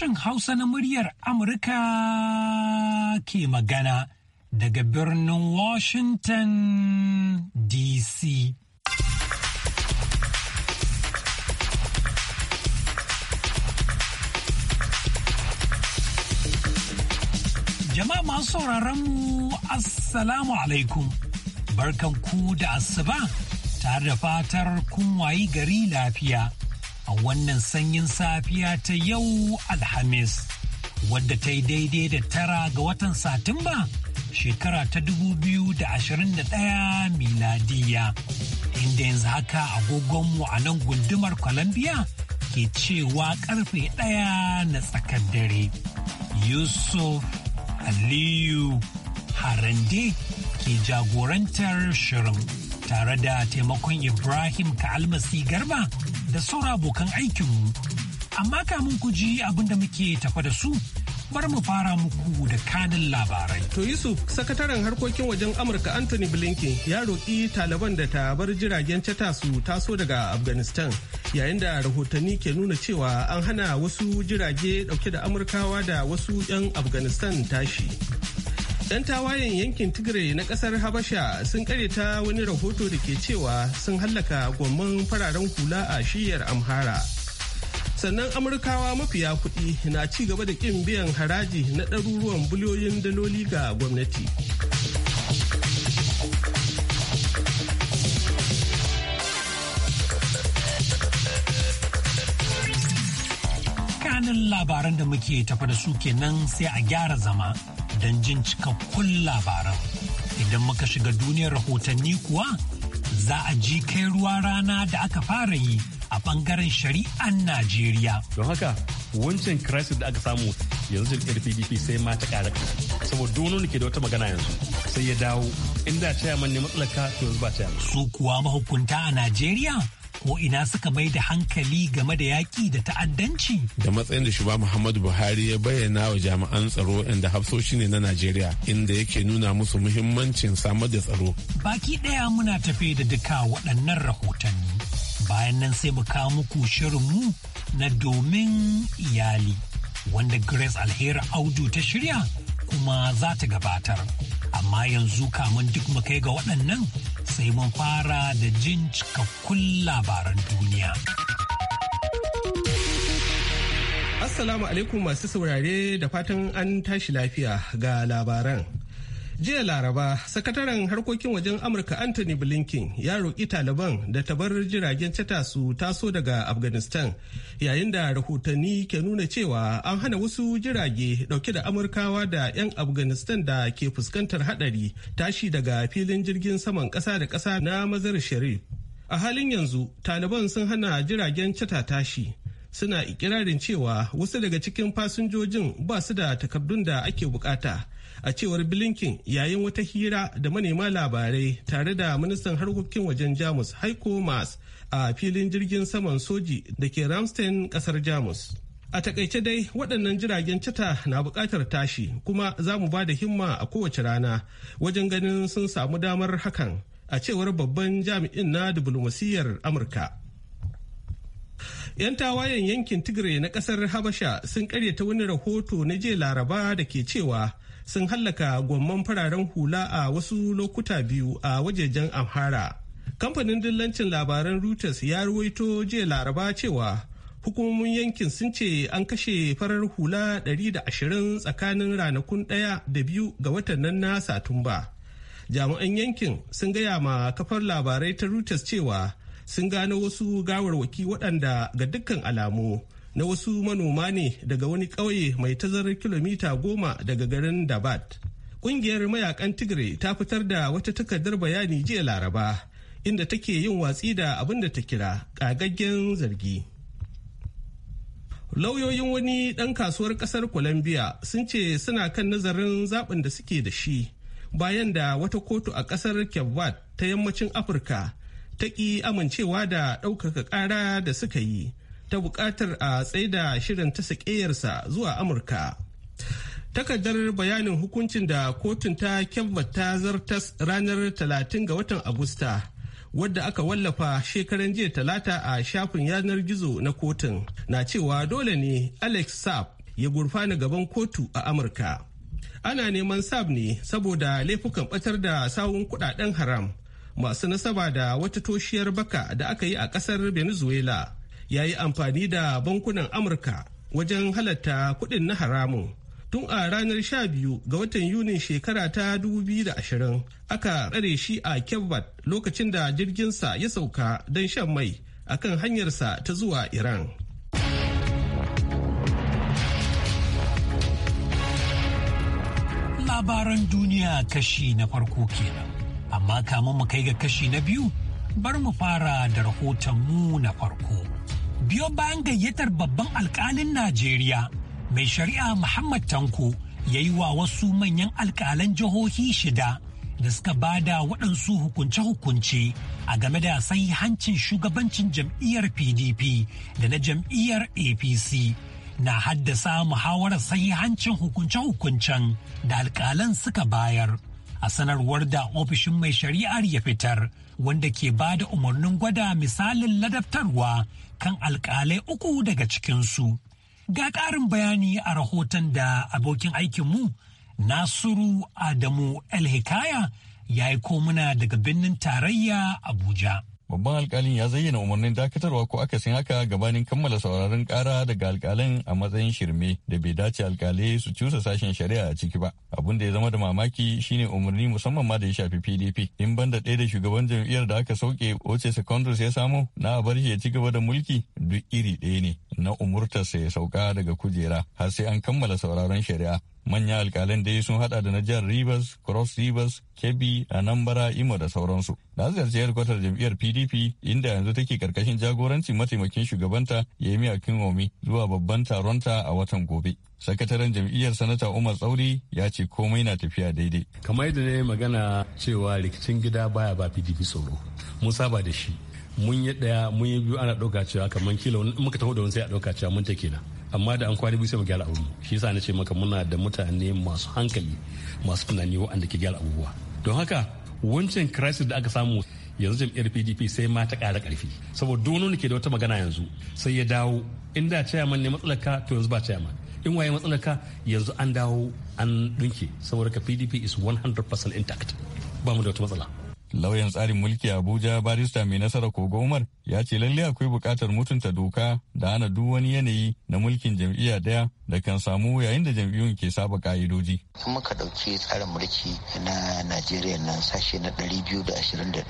sashen Hausa na muryar Amurka ke magana daga birnin Washington DC. Jama'a masu sauraron mu Assalamu alaikum, barkan ku da asuba tare da fatar kun wayi gari lafiya. a wannan sanyin safiya ta yau Alhamis, wadda ta yi daidai da tara ga watan Satumba shekara ta dubu biyu da da ashirin 2021 miladiya. Inda yanzu haka agogonmu a nan gundumar Columbia ke cewa karfe ɗaya na tsakar dare. Yusuf Aliyu Harande ke jagorantar shirin tare da taimakon Ibrahim ka almasi Garba da saura abokan aikinmu. Amma kamun ku ji abin da muke tafa da su, bar mu fara muku da kanin labarai. To Yusuf, sakataren harkokin wajen Amurka Anthony Blinken ya roƙi Taliban da ta bar jiragen cata su taso daga Afghanistan yayin da rahotanni ke nuna cewa an hana wasu jirage ɗauke da Amurkawa da wasu 'yan Afghanistan tashi. Dan tawayen yankin Tigray na kasar Habasha sun ta wani rahoto da ke cewa sun hallaka gwamman fararen hula a shiyar Amhara. Sannan Amurkawa mafiya kuɗi na ci gaba da ƙin biyan haraji na ɗaruruwan biliyoyin daloli ga gwamnati. Kanin labaran da muke tafa da su kenan sai a gyara zama. don jin cikakkun labaran. Idan muka shiga duniyar rahotanni kuwa za a ji kai ruwa rana da aka fara yi a bangaren shari'an Najeriya. Don haka wancan crisis da aka samu yanzu jam'iyyar PDP sai ma ta ƙara saboda dono ke da wata magana yanzu sai ya dawo inda ta yaman ne matsalar ka yanzu ba ta Su kuwa mahukunta a Najeriya ko ina suka mai da hankali game da yaƙi da ta'addanci. Da matsayin da shugaba Muhammadu Buhari ya bayyana wa jami'an tsaro inda hafsoshi ne na Najeriya inda yake nuna musu muhimmancin samar da tsaro. Baki ɗaya muna tafe da duka waɗannan rahotanni. Bayan nan sai mu kawo muku shirinmu na domin iyali wanda Grace Alheri Audu ta shirya kuma za ta gabatar. Amma yanzu kamun duk mu kai ga waɗannan sai mun fara da jin cikakkun labaran duniya. Assalamu alaikum masu saurare da fatan an tashi lafiya ga labaran. jiya laraba sakataren harkokin wajen amurka anthony blinken ya roƙi taliban da ta jiragen cata su taso daga afghanistan yayin da rahotanni ke nuna cewa an hana wasu jirage ɗauke da amurkawa da 'yan afghanistan da ke fuskantar hadari tashi daga filin jirgin saman ƙasa da ƙasa na mazar sharif a halin yanzu taliban sun hana jiragen cata tashi suna ikirarin cewa wasu daga cikin fasinjojin ba su da takardun da ake bukata a cewar blinken yayin wata hira da manema labarai tare da ministan harkokin wajen jamus heiko mas a filin jirgin saman soji da ke ramstein kasar jamus a takaice dai waɗannan jiragen cita na buƙatar tashi kuma za mu ba da himma a kowace rana wajen ganin sun samu damar hakan a cewar babban jami'in na diplomasiyyar amurka 'yan tawayen yankin tigray na ƙasar habasha sun karyata wani rahoto na jiya laraba da ke cewa sun hallaka gwamman fararen hula a wasu lokuta biyu a wajejen amhara kamfanin dillancin labaran reuters ya ruwaito jiya laraba cewa hukumomin yankin sun ce an kashe farar hula 120 tsakanin ranakun ɗaya da biyu ga watan na satumba jami'an yankin sun gaya ma kafar labarai ta reuters cewa sun gano wasu gawarwaki waɗanda ga dukkan alamu na wasu manoma ne daga wani ƙauye mai tazarar kilomita goma daga garin Dabat. Ƙungiyar mayakan Tigray ta fitar da wata takardar bayani jiya Laraba inda take yin watsi da abin da ta kira ƙagaggen zargi. Lauyoyin wani ɗan kasuwar ƙasar Colombia sun ce suna kan nazarin zaɓin da suke da shi bayan da wata kotu a ƙasar ta yammacin Afirka ta ƙi amincewa da ɗaukaka ƙara da suka yi. ta buƙatar a tsaida shirin ta sakeyarsa zuwa amurka takardar bayanin hukuncin da kotun ta kyamma ta zartas ranar 30 ga watan agusta wadda aka wallafa shekaran jiya talata a shafin yanar gizo na kotun na cewa dole ne alex saab ya gurfana gaban kotu a amurka ana neman saab ne saboda laifukan batar da sawun kudaden haram masu nasaba da wata toshiyar baka da aka yi a kasar venezuela ya yi amfani da bankunan amurka wajen halatta kudin na haramun tun a ranar 12 ga watan yunin shekara ta 2020 aka tsare shi a kebbat lokacin da jirginsa ya sauka don shan mai akan hanyarsa ta zuwa iran labaran duniya kashi na farko kenan amma kamun mu kai ga kashi na biyu bar mu fara da rahoton mu na farko biyo bayan gayyatar babban alkalin najeriya mai shari'a muhammad tanko ya yi wa wasu manyan alkalan jihohi shida da suka bada waɗansu hukunce-hukunce a game da sai hancin shugabancin jam'iyyar pdp da na jam'iyyar apc na haddasa muhawarar hancin hukunce-hukuncen da alkalan suka bayar. a sanarwar da ofishin mai shari'ar ya fitar wanda ke ba da umarnin gwada misalin ladabtarwa kan alkalai uku daga cikinsu. Ga ƙarin bayani a rahoton da abokin aikinmu Nasiru Adamu El ya yi komuna daga birnin tarayya Abuja. babban alkalin ya zayyana umarnin dakatarwa ko aka akasin haka gabanin kammala sauraron kara daga alkalin a matsayin shirme da bai dace alkalai su cusa sashen shari'a a ciki ba abin da ya zama da mamaki shine umarni musamman ma da ya shafi pdp in banda ɗaya da shugaban jam'iyyar da aka sauke oce secondary ya samu na a bar shi ya ci gaba da mulki duk iri ɗaya ne na umurtarsa ya sauka daga kujera har sai an kammala sauraron shari'a manya alkalan dai sun hada da na jihar Rivers, Cross Rivers, Kebbi, Anambra, Imo da sauransu. Na ziyarci hedkwatar jam'iyyar PDP inda yanzu take karkashin jagoranci mataimakin shugabanta Yemi Akinwumi zuwa babban taronta a watan gobe. Sakataren jam'iyyar Sanata Umar Tsauri ya ce komai na tafiya daidai. Kamar yadda na yi magana cewa rikicin gida baya ba PDP tsoro. Mun saba da shi. Mun yi ɗaya mun yi biyu ana ɗauka cewa kamar kila muka taho da wani sai a ɗauka cewa mun take na. amma da an kwana biyu sai mu gyara abubuwa shi yasa na ce maka muna da mutane masu hankali masu tunani waɗanda ke gyara abubuwa don haka wancan crisis da aka samu yanzu jam'iyyar pdp sai ma ta ƙara ƙarfi saboda dono ke da wata magana yanzu sai ya dawo in da chairman ne matsalar ka to yanzu ba chairman in waye matsalar ka yanzu an dawo an ɗinke saboda ka pdp is 100% intact ba mu da wata matsala lauyan tsarin mulki abuja barista mai nasara kogo umar ya ce lalle akwai buƙatar mutunta doka da hana duk wani yanayi na mulkin jam'iyya ɗaya da kan samu yayin da jam'iyyun ke saba ka'idoji. in muka ɗauki tsarin mulki na najeriya na sashe na 221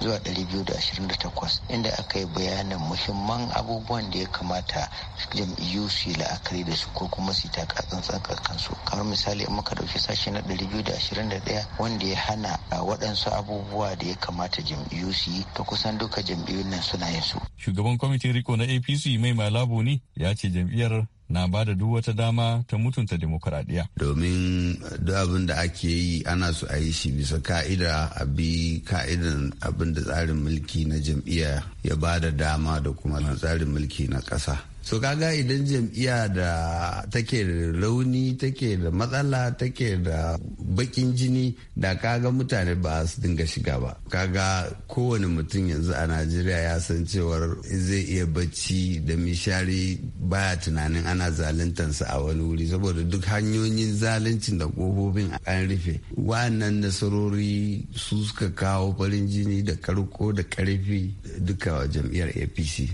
zuwa 228 inda aka yi bayanin muhimman abubuwan da ya kamata jam'iyyu su yi la'akari da su ko kuma su taka tsantsan kansu kamar misali in muka ɗauki sashe na 221 wanda ya hana waɗansu abubuwa da ya kamata jam'iyyu su yi ta kusan duka jam'iyyun nan sunayensu. Shugaban kwamitin riko na APC mai malabo ne ya ce jam'iyyar na ba da duk wata dama ta mutunta demokuraɗiyya. Domin duk abin da ake yi ana su a yi shi bisa ka'ida a bi ka'idan abin da tsarin mulki na jam'iyya ya ba da dama da kuma tsarin mulki na ƙasa. so kaga idan jam'iyya da take da rauni take da matsala take da bakin jini da kaga mutane ba su dinga shiga ba kaga kowane mutum yanzu a najeriya ya san cewar zai iya bacci da mishari baya tunanin ana zaluntansa a wani wuri saboda duk hanyoyin zaluncin da kofofin an rufe wa'annan nasarori su suka kawo farin jini da karko da karfi duka jam'iyyar apc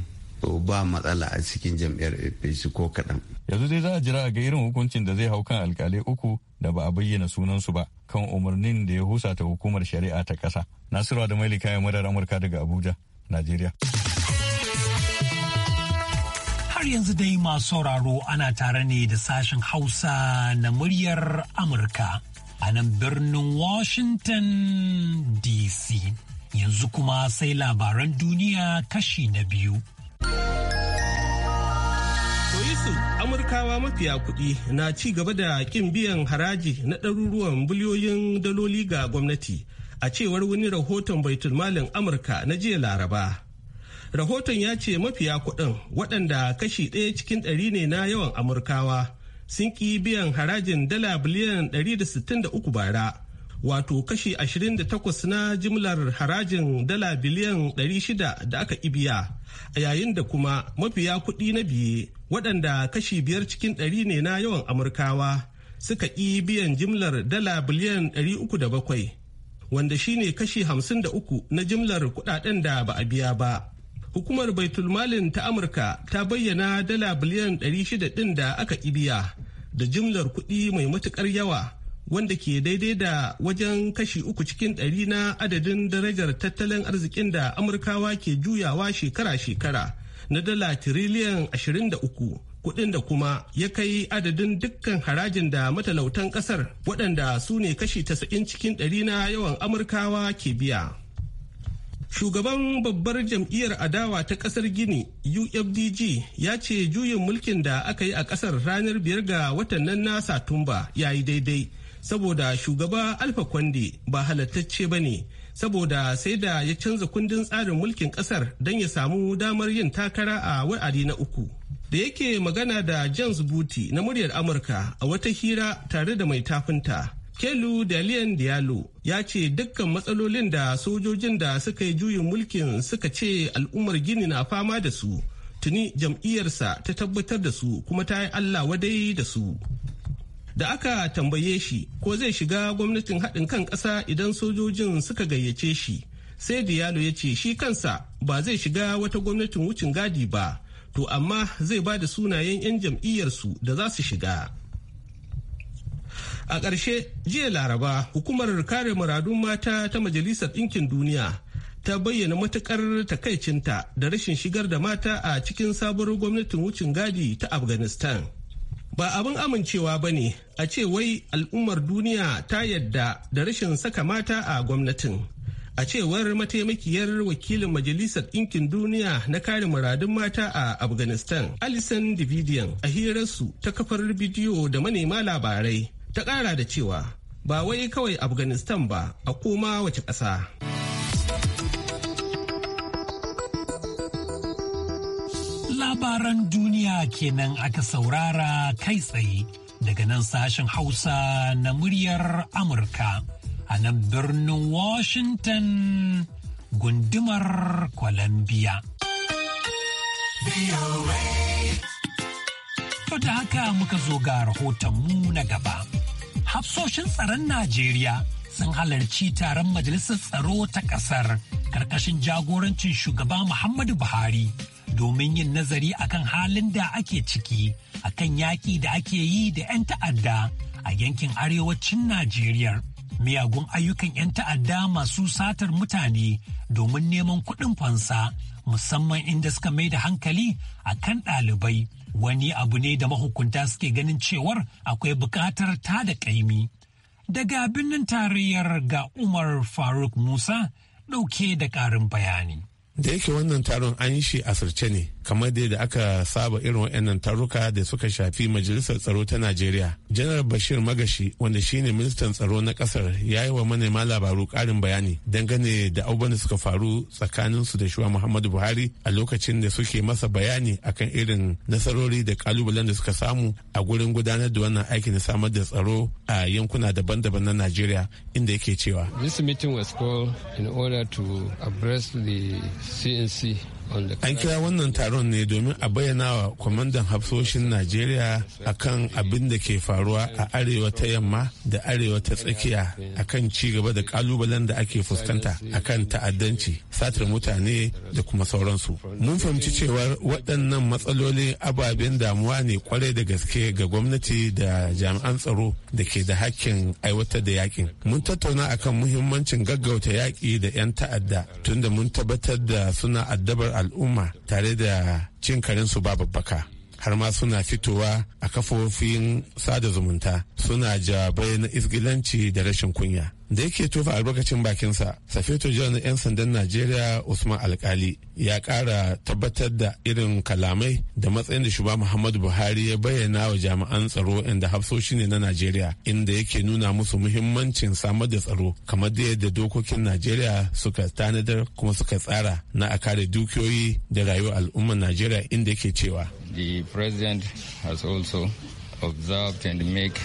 ba matsala a cikin jam'iyyar apc ko kaɗan. yanzu dai za a jira a ga irin hukuncin da zai hau kan alkalai uku da ba a bayyana sunansu ba kan umarnin da ya husa ta hukumar shari'a ta ƙasa nasiru da mailika ya madar amurka daga abuja najeriya har yanzu dai masu sauraro ana tare ne da sashen hausa na muryar amurka a nan birnin washington dc yanzu kuma sai labaran duniya kashi na biyu Amurkawa mafiya kuɗi na ci gaba da ƙin biyan haraji na ɗaruruwan biliyoyin daloli ga gwamnati a cewar wani rahoton baitulmalin Amurka na jiya Laraba. Rahoton ya ce mafiya kuɗin waɗanda kashi ɗaya cikin ɗari ne na yawan Amurkawa sun ƙi biyan harajin dala biliyan 163 bara wato kashi 28 na jimlar harajin dala biliyan 600 da aka ibiya a yayin da kuma mafiya kuɗi na biye waɗanda kashi biyar cikin ɗari ne na yawan amurkawa suka ki biyan jimlar dala biliyan 307 wanda shine kashi 53 na jimlar kuɗaɗen da ba a biya ba hukumar baitulmalin ta amurka ta bayyana dala biliyan 600 ɗin da aka ibiya da jimlar kuɗi mai matuƙar yawa wanda ke daidai da wajen kashi uku cikin ɗari na adadin darajar tattalin arzikin da amurkawa ke juyawa shekara-shekara na dala tiriliyan 23 kuɗin da kuma ya kai adadin dukkan harajin da matalautan ƙasar waɗanda su ne kashi 90 cikin ɗari na yawan amurkawa ke biya shugaban babbar jam'iyyar adawa ta ƙasar gini ufdg ya ce juyin mulkin da aka yi a ƙasar ranar biyar ga watan nan na satumba ya yi daidai saboda shugaba alfa kwande ba halattacce ba ne saboda sai da ya canza kundin tsarin mulkin kasar don ya samu damar yin takara a wa'adi na uku da yake magana da james buti na muryar amurka a wata hira tare da mai tafinta kelu dalian diallo ya ce dukkan matsalolin da sojojin da suka yi juyin mulkin suka ce al'ummar gini na fama da su tuni jam'iyyarsa ta tabbatar da su kuma ta yi allah wadai da su da aka tambaye shi ko zai shiga gwamnatin haɗin kan ƙasa idan sojojin suka gayyace shi sai diallo ya ce shi kansa ba zai shiga wata gwamnatin wucin gadi ba to amma zai ba da sunayen 'yan jam'iyyarsu da za su shiga a ƙarshe jiya laraba hukumar kare muradun mata ta majalisar ɗinkin duniya ta bayyana matuƙar takaicinta da rashin shigar da mata a cikin sabuwar gwamnatin wucin gadi ta afghanistan ba abin amincewa ba ne a ce wai al'ummar duniya ta yadda da rashin saka mata a gwamnatin a cewar mataimakiyar wakilin majalisar ɗinkin duniya na kare muradun mata a afghanistan alison dividian a hirarsu ta kafar bidiyo da manema labarai ta ƙara da cewa ba wai kawai afghanistan ba a koma wace ƙasa. Labaran duniya kenan aka saurara kai tsaye daga nan sashen Hausa na muryar Amurka a nan birnin Washington gundumar Columbia. To da haka muka zo ga rahotonmu na gaba. Hafsoshin tsaron Najeriya sun halarci taron Majalisar Tsaro ta ƙasar ƙarƙashin jagorancin shugaba Muhammadu Buhari. domin yin nazari akan halin da ake ciki akan yaƙi da ake yi da 'yan ta'adda a yankin arewacin Najeriya. Miyagun ayyukan 'yan ta'adda masu satar mutane domin neman kuɗin fansa musamman inda suka mai da hankali kan ɗalibai. Wani abu ne da mahukunta suke ganin cewar akwai buƙatar ta da ƙaimi. Daga birnin tarayyar ga Umar Faruk Musa ɗauke da ƙarin bayani. da yake wannan taron an yi shi asirce ne kamar da aka saba irin waɗannan taruka da suka shafi majalisar tsaro ta najeriya janar bashir magashi wanda shine ministan tsaro na kasar ya yi wa manema labaru karin bayani dangane da abubuwan da suka faru tsakanin su da shuwa muhammadu buhari a lokacin da suke masa bayani akan irin nasarori da kalubalen da suka samu a gurin gudanar da wannan aikin da samar da tsaro a yankuna daban-daban na najeriya inda yake cewa this meeting was called in order to address the cnc An kira wannan taron ne domin a bayyana wa kwamandan hafsoshin Najeriya kan abin da ke faruwa a arewa ta yamma da arewa ta tsakiya a kan gaba da kalubalen da ake fuskanta a kan ta'addanci, satar mutane da kuma sauransu. Mun fahimci cewar waɗannan matsaloli ababen damuwa ne kwarai da gaske ga gwamnati da jami'an tsaro da ke da hakkin aiwatar da yakin. Mun tattauna akan muhimmancin gaggauta yaƙi da 'yan ta'adda tunda mun tabbatar da suna addabar al'umma tare da cin karinsu ba babbaka har ma suna fitowa a kafofin sada zumunta suna jawabai na isgilanci da rashin kunya da yake tofa albarkacin bakinsa safeto john 'yan sandan najeriya usman alkali ya kara tabbatar da irin kalamai da matsayin da shugaba muhammadu buhari ya bayyana wa jami'an tsaro inda hafsoshi ne na najeriya inda yake nuna musu muhimmancin samar da tsaro kamar da yadda dokokin najeriya suka tanadar kuma suka tsara na a kare dukiyoyi da rayuwar al'ummar najeriya inda yake cewa the president has also observed and make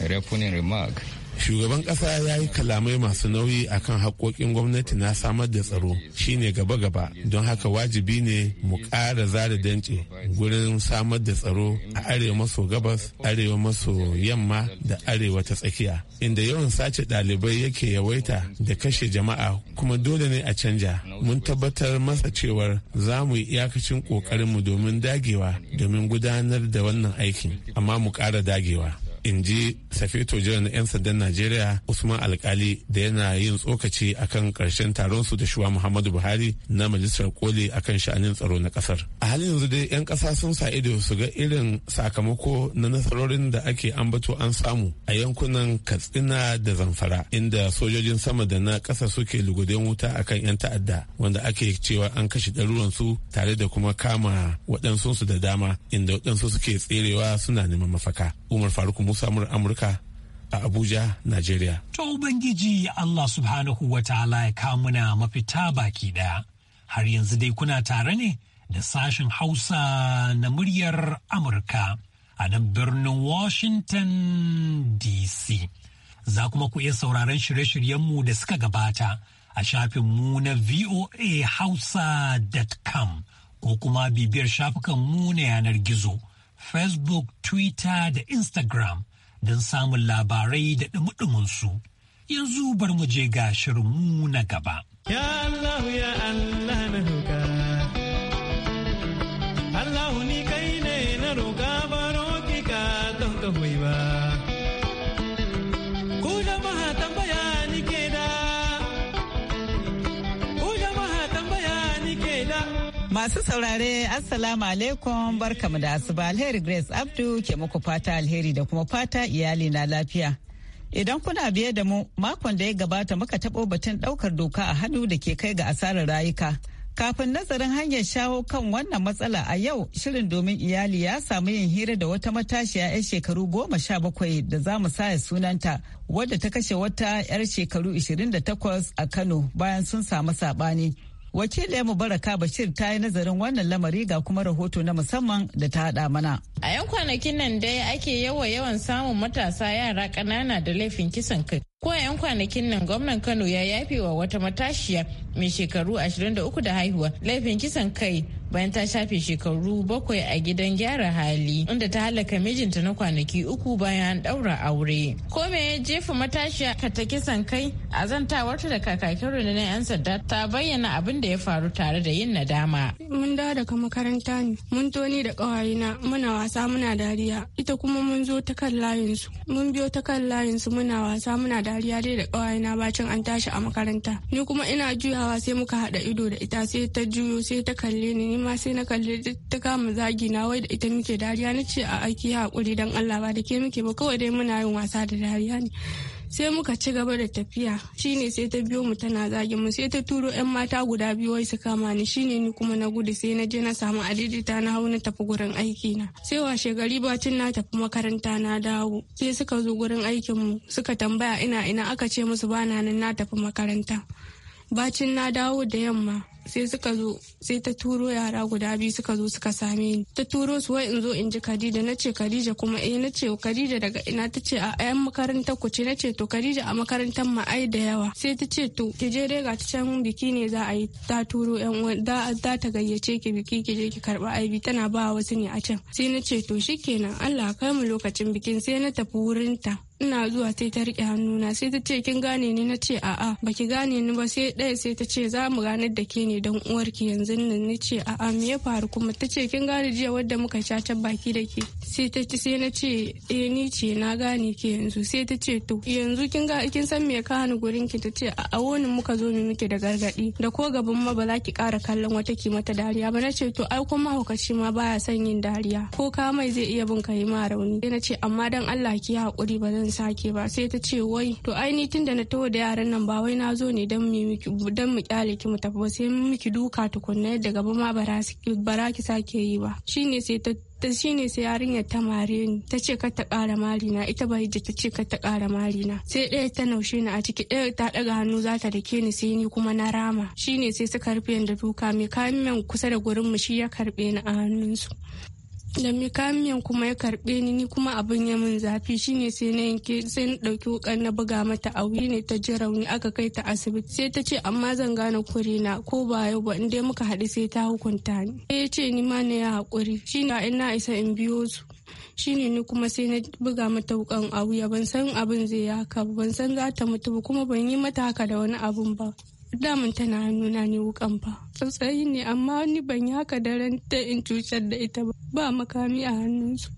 a remark shugaban kasa ya yi kalamai masu nauyi a kan haƙoƙin gwamnati na samar da tsaro shine gaba-gaba don haka wajibi ne mu ƙara zara dance gurin samar da tsaro a arewa maso gabas arewa maso yamma da arewa ta tsakiya inda yawan sace ɗalibai yake yawaita da kashe jama'a kuma dole ne a canja mun tabbatar masa cewar za mu yi iyakacin ƙoƙarinmu domin dagewa domin gudanar da wannan aikin amma mu ƙara dagewa in ji safeto jiran 'yan sandan najeriya usman alkali da yana yin tsokaci akan karshen taron su da shuwa muhammadu buhari na majalisar koli akan sha'anin tsaro na kasar a halin yanzu dai 'yan kasa sun sa ido su ga irin sakamako na nasarorin da ake ambato an samu a yankunan katsina da zamfara inda sojojin sama da na kasa suke lugudan wuta akan 'yan ta'adda wanda ake cewa an kashe su tare da kuma kama waɗansu su da dama inda waɗansu suke tserewa suna neman mafaka umar faruk Musa Amurka a Abuja, Najeriya. To Ubangiji Allah subhanahu wa ta'ala ya kamuna mafita baki daya. Har yanzu dai kuna tare ne da sashen Hausa na muryar Amurka a nan birnin Washington DC. Za kuma ku iya sauraron shirye-shiryenmu da suka gabata a shafin mu na voahausa.com ko kuma bibiyar shafukan mu na yanar gizo. Facebook, Twitter da Instagram don samun labarai da ɗumuɗuminsu. Yanzu bar mu je ga shirinmu na gaba. Ya Allah ya Allah na Masu saurare Assalamu alaikum barkamu da asuba alheri Grace Abdu ke muku fata alheri da kuma fata iyali na lafiya. Idan kuna biye da mu makon da ya gabata muka taɓo batun ɗaukar doka a hannu da ke kai ga asarar rayuka. Kafin nazarin hanyar shawo kan wannan matsala a yau shirin domin iyali ya samu yin hira da wata matashiya 'yan shekaru goma sha bakwai da za mu saya sunanta wadda ta kashe wata 'yar shekaru 28 a Kano bayan sun samu saɓani. wace mu baraka Bashir ta yi nazarin wannan lamari ga kuma rahoto na musamman da ta haɗa mana. A 'yan kwanakin nan dai ake yawa yawan samun matasa yara ƙanana da laifin kisan kai. ko 'yan kwanakin nan gwamnan kano ya yafe wa wata matashiya mai shekaru 23 da haihuwa laifin kisan kai bayan ta shafe shekaru bakwai a gidan gyara hali inda ta halaka mijinta na kwanaki uku bayan an daura aure ko me ya jefa matashiya ka ta kisan kai a zantawarta da kakakin rundunar yan sanda ta bayyana abin da ya faru tare da yin nadama mun da daga makaranta ne mun toni da ƙawayena muna wasa muna dariya ita kuma mun zo ta kan layinsu mun biyo ta kan layinsu muna wasa muna dariya. dariya dai da ƙawayena bacin an tashi a makaranta ni kuma ina juyawa sai muka haɗa ido da ita sai ta juyo sai ta kalle ni ni ma sai na kalle ta kama zagi na wai da ita muke dariya na ce a aiki hakuri dan Allah ba da ke muke ba kawai dai muna yin wasa da dariya ne sai muka ci gaba da tafiya shine sai ta biyo mu tana zagin mu sai ta turo yan mata guda biyu wai su kama ni shine ni kuma na gudu sai na je na samu adidita na hau na tafi gurin aiki na sai washe gari bacin na tafi makaranta na dawo sai suka zo gurin aikin mu suka tambaya ina ina aka ce musu bana nan na tafi makaranta bacin na dawo da yamma sai suka zo sai ta turo yara guda biyu suka zo suka same ni ta turo su wai in zo in ji Khadija na ce Khadija kuma eh na ce Khadija daga ina ta ce a yan makarantar ku ce na ce to Khadija a makarantar mu ai da yawa sai ta ce to ki je dai ga ta can biki ne za a yi ta turo yan uwa za ta gayyace ki biki ki je ki karba aibi tana ba wasu ne a can sai na ce to shikenan Allah kai mu lokacin bikin sai na tafi wurin ta ina zuwa sai ta rike hannuna sai ta ce kin gane ni na ce a'a baki gane ni ba sai ɗaya sai ta ce za mu ranar da ke ne don uwarki yanzu nan ni ce a'a me ya faru kuma ta ce kin gane jiya wadda muka sha ta baki da ke sai ta ce sai na ce eh ni ce na gane ki yanzu sai ta ce to yanzu kin ga kin san me ka hani gurin ki ta ce a wonin muka zo mu muke da gargadi da ko gaban ma ba za ki ƙara kallon wata ki mata dariya ba na ce to ai kuma hukaci ma baya son yin dariya ko ka mai zai iya bin ka ma rauni sai na ce amma dan Allah ki haƙuri ba zan ban sake ba sai ta ce wai to aini tun da na taho da yaran nan ba wai na zo ne don mu kyale ki mu tafi ba sai miki duka tukunna yadda gaba ma bara ki sake yi ba shine sai ta ta ne sai yarinyar ta mare ni ta ce ta kara na ita bahijja ta ce ta kara na? sai ɗaya ta naushe ni a ciki ɗaya ta ɗaga hannu za ta dake ni sai ni kuma na rama shi ne sai suka rufe da duka mai kayan kusa da gurin mu shi ya karɓe ni a hannunsu da mikamiyan kuma ya karbe ni ni kuma abin ya min zafi shine sai na yanke sai na dauki wukan na buga mata a ne ta ji rauni aka kai ta asibiti sai ta ce amma zan gane kure na ko ba yau ba inda muka haɗu sai ta hukunta ni sai ya ce ni ma na yi haƙuri shine in na isa in biyo su shine ni kuma sai na buga mata wukan a wuya ban san abin zai yi haka ban san za ta mutu ba kuma ban yi mata haka da wani abun ba damun tana nuna ne wukan ba tsautsayi ne amma ni ban yi haka daren ta in cutar da ita ba ba makami a hannunsu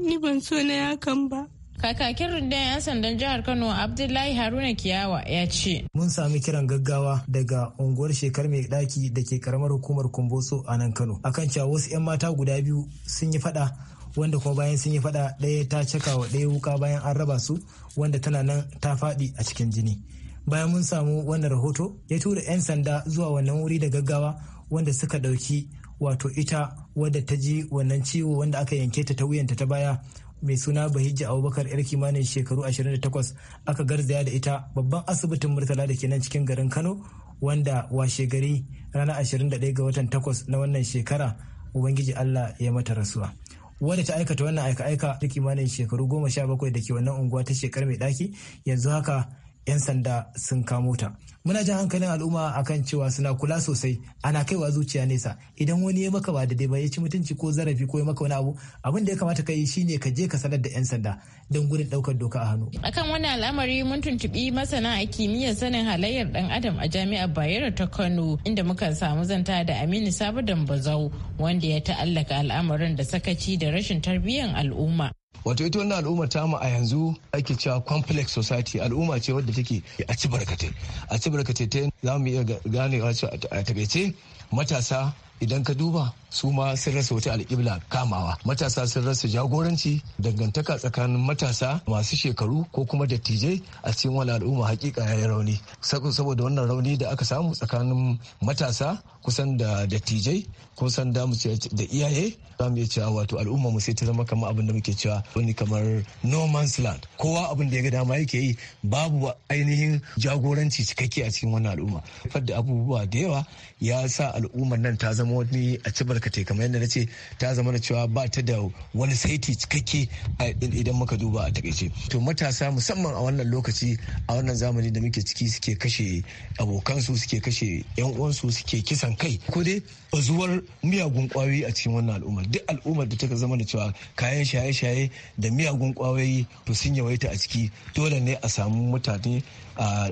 ni ban so na yakan ba kakakin rundun 'yan sandan jihar kano abdullahi haruna kiyawa ya ce mun sami kiran gaggawa daga unguwar shekar mai daki da ke karamar hukumar kumboso a nan kano akan cewa wasu 'yan mata guda biyu sun yi fada wanda kuma bayan sun yi fada ɗaya ta caka wa ɗaya wuka bayan an raba su wanda tana nan ta faɗi a cikin jini bayan mun samu wannan rahoto ya tura 'yan sanda zuwa wannan wuri da gaggawa wanda suka dauki wato ita wadda ta ji wannan ciwo wanda aka yanke ta ta wuyanta ta baya mai suna bahijja abubakar yar kimanin shekaru 28 aka garzaya da ita babban asibitin murtala da ke nan cikin garin kano wanda washe gari ranar 21 ga watan 8 na wannan shekara ubangiji allah ya mata rasuwa wadda ta aikata wannan aika-aika kimanin shekaru 17 da ke wannan unguwa ta shekar mai daki yanzu haka 'yan sanda sun kamo ta muna jan hankalin al'umma akan cewa suna kula sosai ana kaiwa zuciya nesa idan wani ya maka ba da dai ba ya ci mutunci ko zarafi ko ya maka wani abu abin da ya kamata ka yi shine ka je ka sanar da 'yan sanda don gudun daukar doka a hannu akan wani al'amari mun tuntubi masana a kimiyyar sanin halayyar dan adam a jami'ar bayero ta kano inda muka samu zanta da aminu sabu dambazau wanda ya ta'allaka al'amarin da sakaci da rashin tarbiyyar al'umma wato ita wannan al'umma ta mu a yanzu ake cewa complex society al'umma ce wadda take a ci barkatai a ci barkatai ta za mu iya gane a takaice matasa idan ka duba su ma sun rasa wata alƙibla kamawa matasa sun rasa jagoranci dangantaka tsakanin matasa masu shekaru ko kuma dattijai a cikin wani al'umma hakika ya yi rauni saboda wannan rauni da aka samu tsakanin matasa kusan da dattijai kusan da mu da iyaye za mu iya cewa wato al'umma mu sai ta zama kamar abin da muke cewa wani kamar no man's land kowa abin da ya ga dama yake yi babu ainihin jagoranci cikakke a cikin wannan al'umma fadda abubuwa da yawa ya sa al'ummar nan ta zama wani a ci barkate. kamar yadda na ce ta zama na cewa ba ta da wani saiti cikakke idan muka duba a takaice to matasa musamman a wannan lokaci a wannan zamani da muke ciki suke kashe abokansu suke kashe yan uwansu suke kisan kai ko dai bazuwar miyagun kwayoyi a cikin wannan al'umma duk al'ummar da ta zama da cewa kayan shaye-shaye da miyagun kwayoyi to sun yawaita a ciki dole ne a samu mutane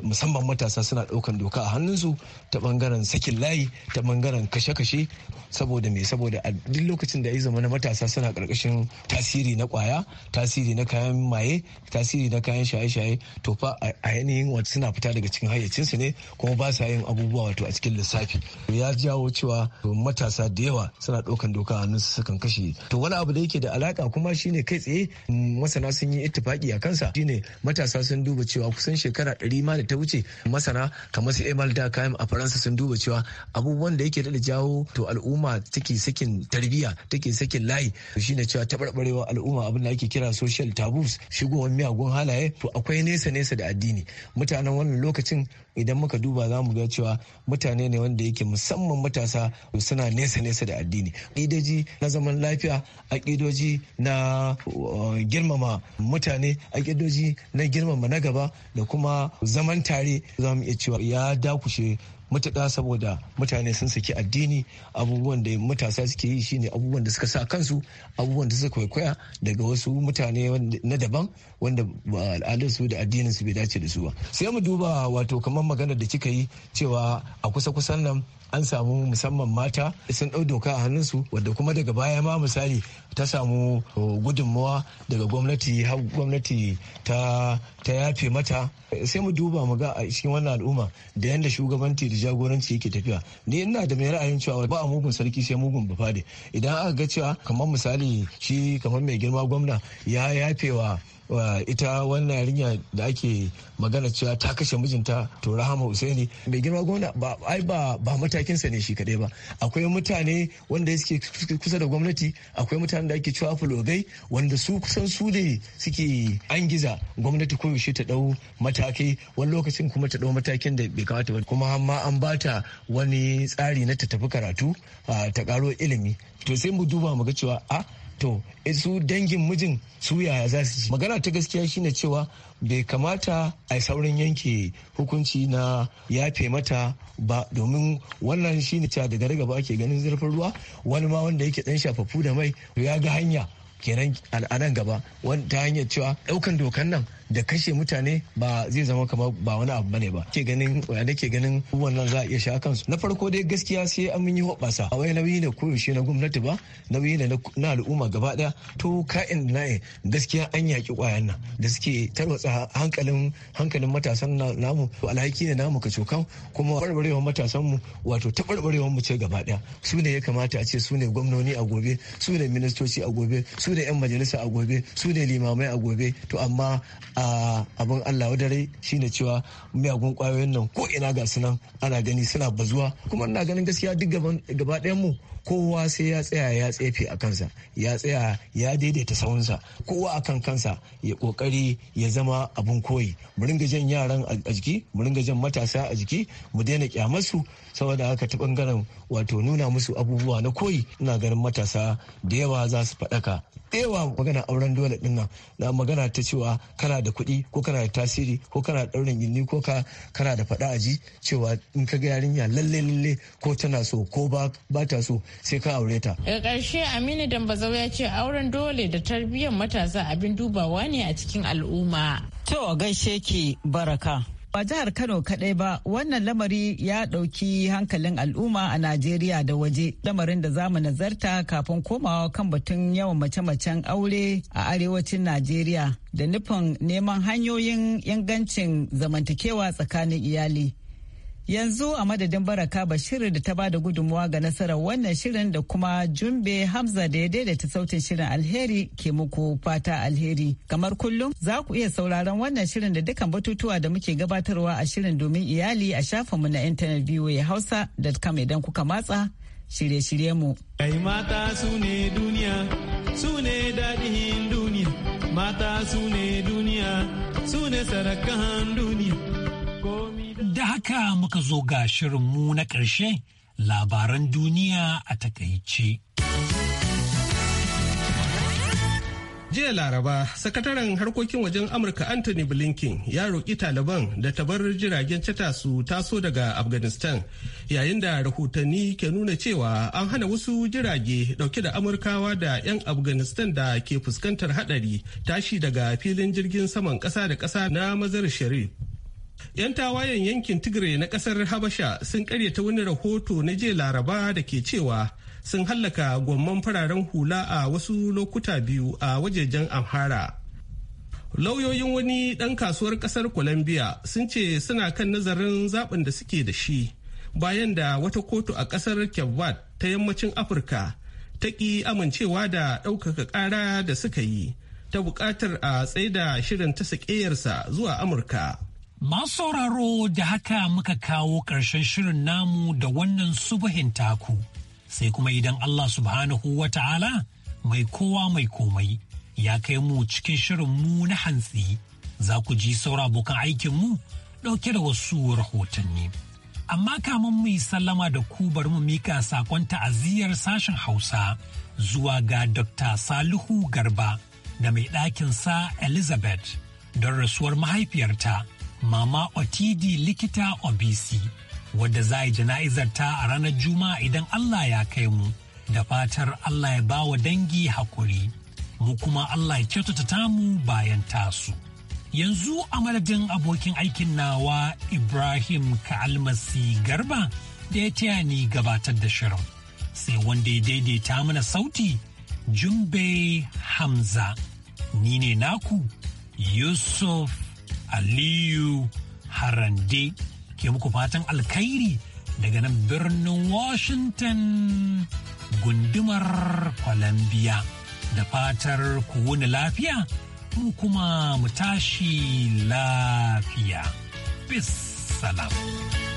musamman matasa suna ɗaukan doka a hannunsu ta ɓangaren sakin layi ta ɓangaren kashe-kashe saboda me saboda a duk lokacin da ya zama na matasa suna ƙarƙashin tasiri na ƙwaya tasiri na kayan maye tasiri na kayan shaye-shaye to fa a yanayin wata suna fita daga cikin hayyacinsu ne kuma ba sa yin abubuwa wato a cikin lissafi ya jawo cewa matasa da yawa suna ɗaukan doka a hannunsu sukan kashe to wani abu da yake da alaka kuma shine kai tsaye masana sun yi ittifaki a kansa shine matasa sun duba cewa kusan shekara gari ma da ta wuce masana kamar su Emal Dakaim a Faransa sun duba cewa abubuwan da yake da jawo to al'umma take sakin tarbiyya take sakin layi shine cewa taɓarɓarewa al'umma abin da ake kira social taboos shigowar miyagun halaye to akwai nesa nesa da addini mutanen wannan lokacin idan muka duba za mu ga cewa mutane ne wanda yake musamman matasa suna nesa nesa da addini ƙidoji na zaman lafiya a ƙidoji na uh, girmama mutane a ƙidoji na girmama na gaba da kuma zaman tare za mu iya cewa ya dakushe matuƙa saboda mutane sun saki addini abubuwan da matasa suke yi shine abubuwan da suka sa kansu abubuwan da suka kwaikwaya daga wasu mutane na daban wanda al'adarsu da addinin su bai dace da su ba sai mu duba wato kamar maganar da kika yi cewa a kusa kusan nan an samu musamman mata sun ɗau doka a hannunsu wadda kuma daga baya ma misali ta samu uh, gudunmawa daga gwamnati har gwamnati ta yafe mata sai mu duba mu ga a cikin wannan al'umma da yadda shugabanci da jagoranci yake tafiya ni ina da mai ra'ayin cewa ba a mugun sarki sai mugun bafade idan aka ga cewa kamar misali shi kamar mai girma gwamna ya yafewa Eh, ita wannan yarinya da ake magana cewa ta kashe mijinta to rahama husaini mai girma gwamna ba ai ba ba matakinsa ne shi kadai ba akwai mutane wanda suke kusa da gwamnati akwai mutane da ake cewa fulogai wanda su kusan su ne suke an giza gwamnati koyaushe ta dau matakai wani lokacin kuma ta dau matakin da bai kamata ba kuma ma an bata wani tsari na ta tafi karatu ah, ta karo ilimi to sai mu duba mu ga cewa a ah, to eh, su dangin mijin su yaya za su ji magana ta gaskiya shine cewa bai kamata a saurin yanke hukunci na yafe mata ba domin wannan shine cewa daga gaba ke ganin zurfin ruwa wani ma wanda yake dan shafafu da mai ya ga hanya kenan a nan gaba ta hanyar cewa daukan dokan nan da kashe mutane ba zai zama kamar ba wani abu bane ba ke ganin wanda ke ganin wannan za a iya sha kansu na farko dai gaskiya sai an yi hoɓasa a wai nauyi ne koyaushe na gwamnati ba nauyi ne na al'umma gaba daya to ka'in na gaskiya an yaƙi ƙwayan nan da suke tarwatsa hankalin hankalin matasan namu alhaki ne namu kacokan kuma barbarewar matasan mu wato barbarewar mu ce gaba daya su ne ya kamata a ce su ne gwamnoni a gobe su ne ministoci a gobe su ne 'yan majalisa a gobe su ne limamai a gobe to amma a abin allah shi shine cewa miyagun kwayoyin nan ko ina ga su nan ana gani suna bazuwa kuma ina ganin gaskiya duk gaba ɗayan mu kowa sai ya tsaya ya tsefe a kansa ya tsaya ya daidaita sahunsa kowa a kan kansa ya kokari ya zama abin koyi mu ringa jan yaran a jiki mu ringa jan matasa a jiki mu daina kyamarsu saboda haka ta bangaren wato nuna musu abubuwa na koyi ina ganin matasa da yawa za su faɗaka ɗewa magana auren dole ɗin nan na magana ta cewa kana da kuɗi ko kana da tasiri ko kana da ɗaurin gini ko kana da faɗa aji cewa in ka ga yarinya lalle lalle ko tana so ko ba ta so sai ka aure ta. Daga ƙarshe Aminu Dambazau ya ce auren dole da tarbiyyar matasa abin dubawa ne a cikin al'umma. To gaishe ki baraka. Ba jihar Kano kaɗai ba, wannan lamari ya ɗauki hankalin al'umma a Najeriya da waje. Lamarin da za mu nazarta kafin komawa kan batun yawan mace-macen aure a arewacin Najeriya da nufin neman hanyoyin ingancin zamantakewa tsakanin iyali. Yanzu a madadin Baraka Bashir da ta bada gudunmawa ga nasarar wannan shirin da kuma Jumbe Hamza da ya daidaita sautin shirin alheri ke muku fata alheri. Kamar kullum za ku iya sauraron wannan shirin da dukkan batutuwa da muke gabatarwa a shirin domin iyali a shafinmu na intanet ya hausa da kam idan kuka matsa shirye-shirye mu. Kai mata su ne duniya, su ne daɗin duniya, mata su ne duniya, su ne sarakan duniya. haka muka zo ga mu na ƙarshe labaran duniya a takaice. jiya laraba sakataren harkokin wajen amurka anthony blinken ya roƙi taliban da ta bar jiragen cata su taso daga afghanistan yayin da rahotanni ke nuna cewa an hana wasu jirage ɗauke da amurkawa da 'yan afghanistan da ke fuskantar haɗari, tashi daga filin jirgin saman ƙasa da ƙasa na mazar sharif 'Yan tawayen yankin Tigray na kasar Habasha sun karyata wani rahoto na jiya Laraba da ke cewa sun hallaka gwamman fararen hula a wasu lokuta biyu a wajejen Amhara. Lauyoyin wani ɗan kasuwar ƙasar Colombia sun ce suna kan nazarin zaɓin da suke da shi bayan da wata kotu a ƙasar Kebbat ta yammacin Afirka ta ƙi amincewa da ɗaukaka ƙara da suka yi ta buƙatar a tsaida shirin ta sakeyarsa zuwa Amurka. Masu sauraro da haka muka kawo ƙarshen shirin namu da wannan subuhin taku, sai kuma idan Allah subhanahu wa ta'ala mai kowa mai komai ya kai mu cikin shirin mu na hantsi za ku ji saura abokan aikinmu ɗauke da wasu rahotanni. Amma kamun mu yi sallama da ku bari mu mika saƙon ta'aziyar sashen Hausa zuwa ga Dr. Salihu Garba da mai ɗakinsa Elizabeth don rasuwar mahaifiyarta. Mama Otidi Likita obc wadda za a yi jana'izar ta a ranar Juma'a idan Allah ya kai mu, da fatar Allah ya ba wa dangi hakuri, mu kuma Allah ya kyautata mu bayan tasu. Yanzu a madadin abokin aikin nawa Ibrahim Ka'almasi Garba da ya taya ni gabatar da shirin, sai wanda ya daidaita mana sauti Jumbe Hamza. Ni ne naku Yusuf Aliyu Harande ke muku fatan alkhairi daga nan birnin Washington gundumar Columbia. Da fatar ku wuni lafiya, mu kuma mu tashi lafiya. Bis salam.